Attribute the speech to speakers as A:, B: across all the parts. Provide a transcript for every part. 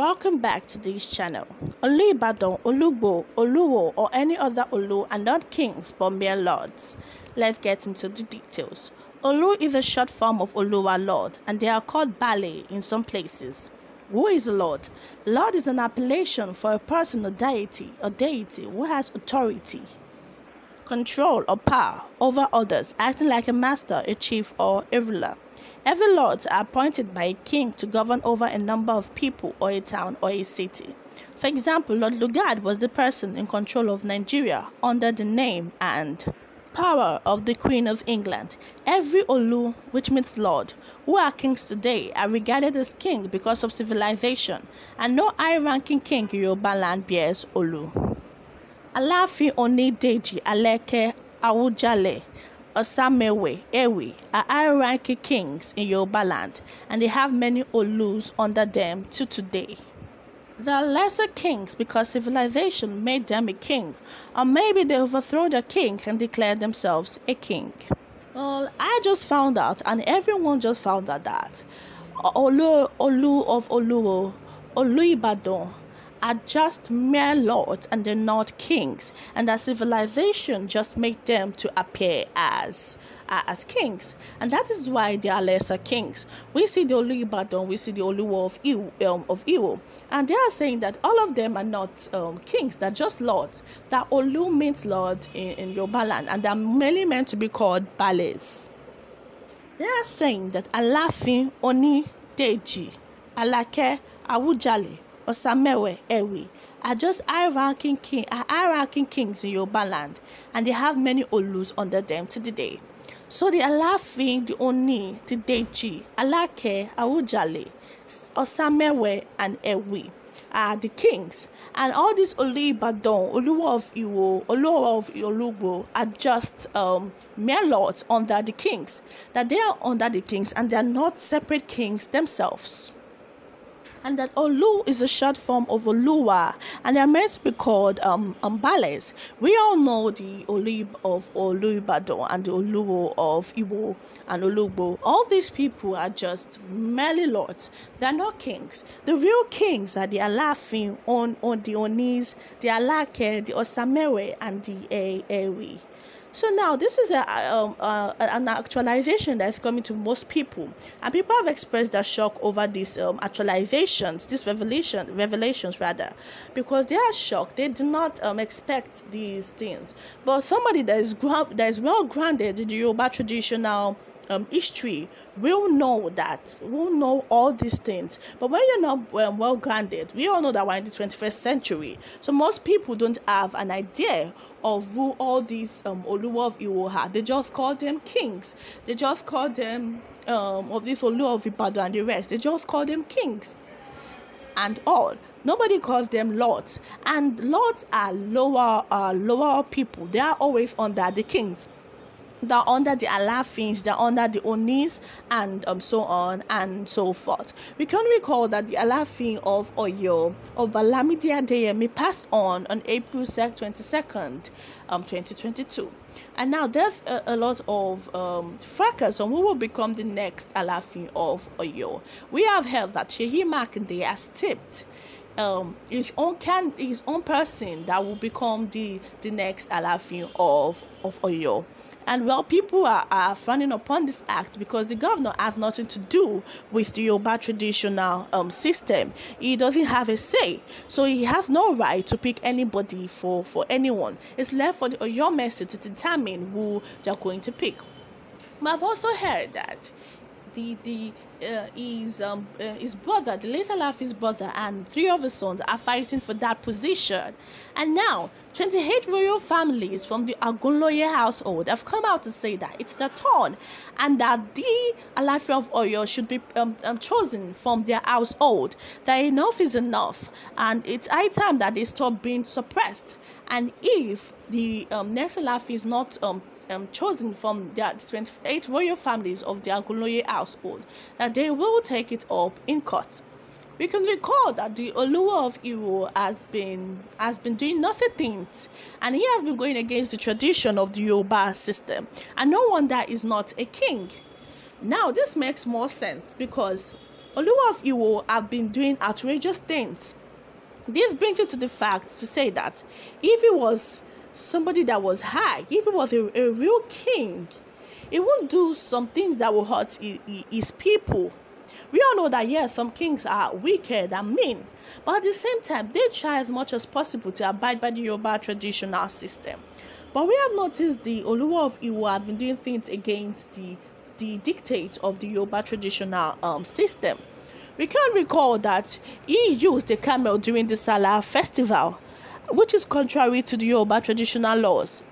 A: Welcome back to this channel. Only badon, olubo, Oluwo or any other Olu are not kings but mere lords. Let's get into the details. Olu is a short form of Oluwa Lord and they are called Bale in some places. Who is Lord? Lord is an appellation for a person or deity or deity who has authority control or power over others, acting like a master, a chief, or a ruler. Every lord are appointed by a king to govern over a number of people or a town or a city. For example, Lord Lugard was the person in control of Nigeria under the name and power of the Queen of England. Every Olu, which means Lord, who are kings today, are regarded as king because of civilization, and no high ranking king in Yoruba land bears Olu aláàfin Deji, alẹ́kẹ́ awùjalẹ̀ Osamewe Ewe are high-ranking kings in Yoruba land and they have many Olus under them to today. They are lesser kings because civilization made them a king, or maybe they overthrew their king and declared themselves a king. Well, I just found out, and everyone just found out that Olu, Olu of Oluo, Olu Ibadan, are just mere lords and they're not kings, and that civilization just made them to appear as uh, as kings, and that is why they are lesser kings. We see the Olubadan, we see the Oluwa of Iwo, um, of Iwo, and they are saying that all of them are not um, kings; they're just lords. That Olu means lord in, in Yoruba land, and they're mainly meant to be called Bales. They are saying that Alafin, Oni, Deji, Alake, Awujale Osamewe Ewe are just high-ranking king, high-ranking kings in Yoruba land, and they have many Olus under them to the day. So the Alafin, the Oni, the Deji, Alake, Awujale, Osamewe, and Ewe are the kings, and all these Oli Ibadan, Oluwa of Iwo, Oluwa of Olugbo are just um, mere lords under the kings. That they are under the kings, and they are not separate kings themselves and that Olu oh, is a short form of Olua, and they are meant to be called um, We all know the Olib of Olubado and the Oluo of Iwo and Olubo. All these people are just merely lords. They are not kings. The real kings are the Alafin, on, on the Onis, the Alake, the Osamere, and the Ewe. So now this is a, um, an actualization that's coming to most people, and people have expressed their shock over these um, actualizations, these revelation revelations rather, because they are shocked. They did not um, expect these things. But somebody that is that is well grounded in the Yoruba traditional um, history will know that we'll know all these things but when you're not um, well grounded we all know that we're in the 21st century so most people don't have an idea of who all these um, Oluwa of Iwo had. They just call them kings. They just call them um, of this Oluwa of and the rest. They just call them kings and all. Nobody calls them lords. And lords are lower, uh, lower people. They are always under the kings they're under the Alafins, they're under the Onis, and um, so on and so forth. We can recall that the Alafin of Oyo of Balamidi Adeyemi passed on on April 22nd, um, 2022. And now there's a, a lot of um, fracas on who will become the next Alafin of Oyo. We have heard that Shehi Makinde has tipped um, his own can his own person that will become the the next Alafin of of Oyo. And well, people are, are frowning upon this act because the governor has nothing to do with the Yoruba traditional um, system. He doesn't have a say, so he has no right to pick anybody for, for anyone. It's left for the Oyo Mercy to determine who they're going to pick. But I've also heard that the the uh, is um uh, The little life, his brother, and three of his sons are fighting for that position. And now, 28 royal families from the Agunloye household have come out to say that it's their turn, and that the Alafia of Oyo should be um, um, chosen from their household. That enough is enough, and it's high time that they stop being suppressed. And if the um, next Alafia is not um, um, chosen from the 28 royal families of the Agunloye household, that that they will take it up in court. We can recall that the Oluwa of Iro has been has been doing nothing things, and he has been going against the tradition of the Yoruba system, and no wonder is not a king. Now this makes more sense because Oluwa of Iwo have been doing outrageous things. This brings it to the fact to say that if he was somebody that was high, if he was a, a real king, he will do some things that will hurt his people. We all know that, yes, some kings are wicked and mean, but at the same time, they try as much as possible to abide by the Yoruba traditional system. But we have noticed the Oluwa of Iwo have been doing things against the, the dictates of the Yoruba traditional um, system. We can recall that he used the camel during the Salah festival, which is contrary to the Yoruba traditional laws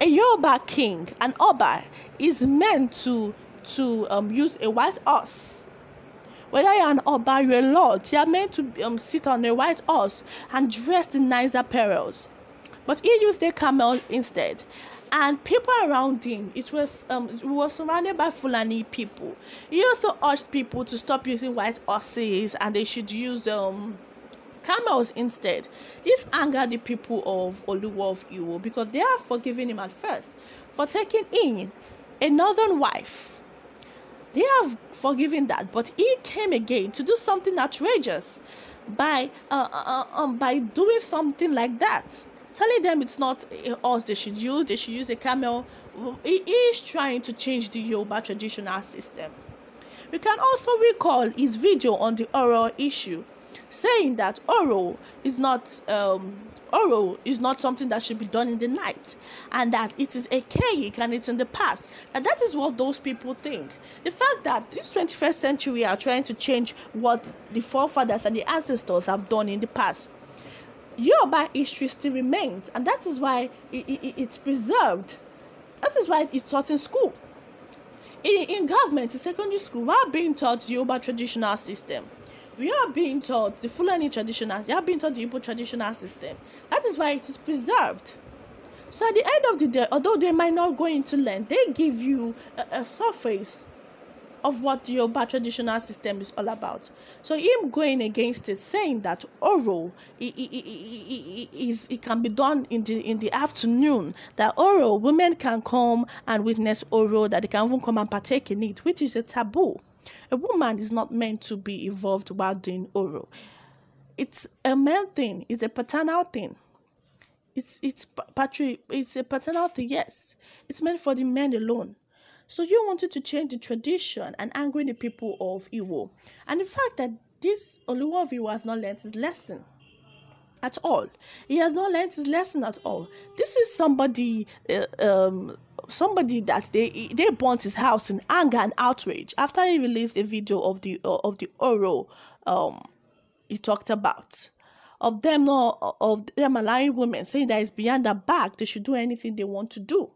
A: a Yoruba king, an Oba, is meant to to um, use a white horse. Whether you're an Oba, you're a lord, you're meant to um, sit on a white horse and dressed in nice apparel. But he used a camel instead. And people around him, it was, um, it was surrounded by Fulani people. He also urged people to stop using white horses and they should use um, camels instead. This angered the people of Oluwa of Iwo because they have forgiven him at first for taking in a northern wife. They have forgiven that, but he came again to do something outrageous by uh, uh, uh um, by doing something like that telling them it's not uh, us they should use, they should use a camel. He is trying to change the Yoruba traditional system. We can also recall his video on the oral issue saying that oral is not um, oral is not something that should be done in the night and that it is archaic and it's in the past and that is what those people think the fact that this 21st century are trying to change what the forefathers and the ancestors have done in the past yoruba history still remains and that is why it, it, it's preserved that is why it's taught in school in, in government in secondary school we are being taught yoruba traditional system we are being taught the Fulani traditional, they are being taught the Igbo traditional system. That is why it is preserved. So at the end of the day, although they might not go into land, they give you a, a surface of what the Yoruba traditional system is all about. So him going against it, saying that oral it, it, it, it, it can be done in the in the afternoon, that oral women can come and witness oral, that they can even come and partake in it, which is a taboo. A woman is not meant to be involved while doing oral. It's a man thing, it's a paternal thing. It's it's patri it's a paternal thing, yes. It's meant for the men alone. So you wanted to change the tradition and angering the people of Iwo. And the fact that this Oluwa of Iwo has not learned his lesson at all. He has not learned his lesson at all. This is somebody uh, um, somebody that they they burnt his house in anger and outrage after he released a video of the uh, of the oral um he talked about of them not of them allowing women saying that it's beyond their back they should do anything they want to do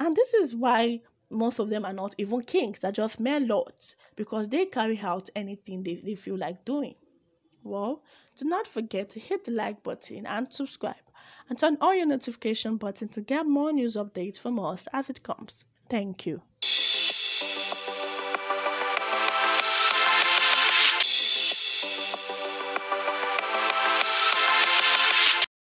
A: and this is why most of them are not even kings they're just mere lords because they carry out anything they, they feel like doing well, do not forget to hit the like button and subscribe and turn on your notification button to get more news updates from us as it comes. Thank you.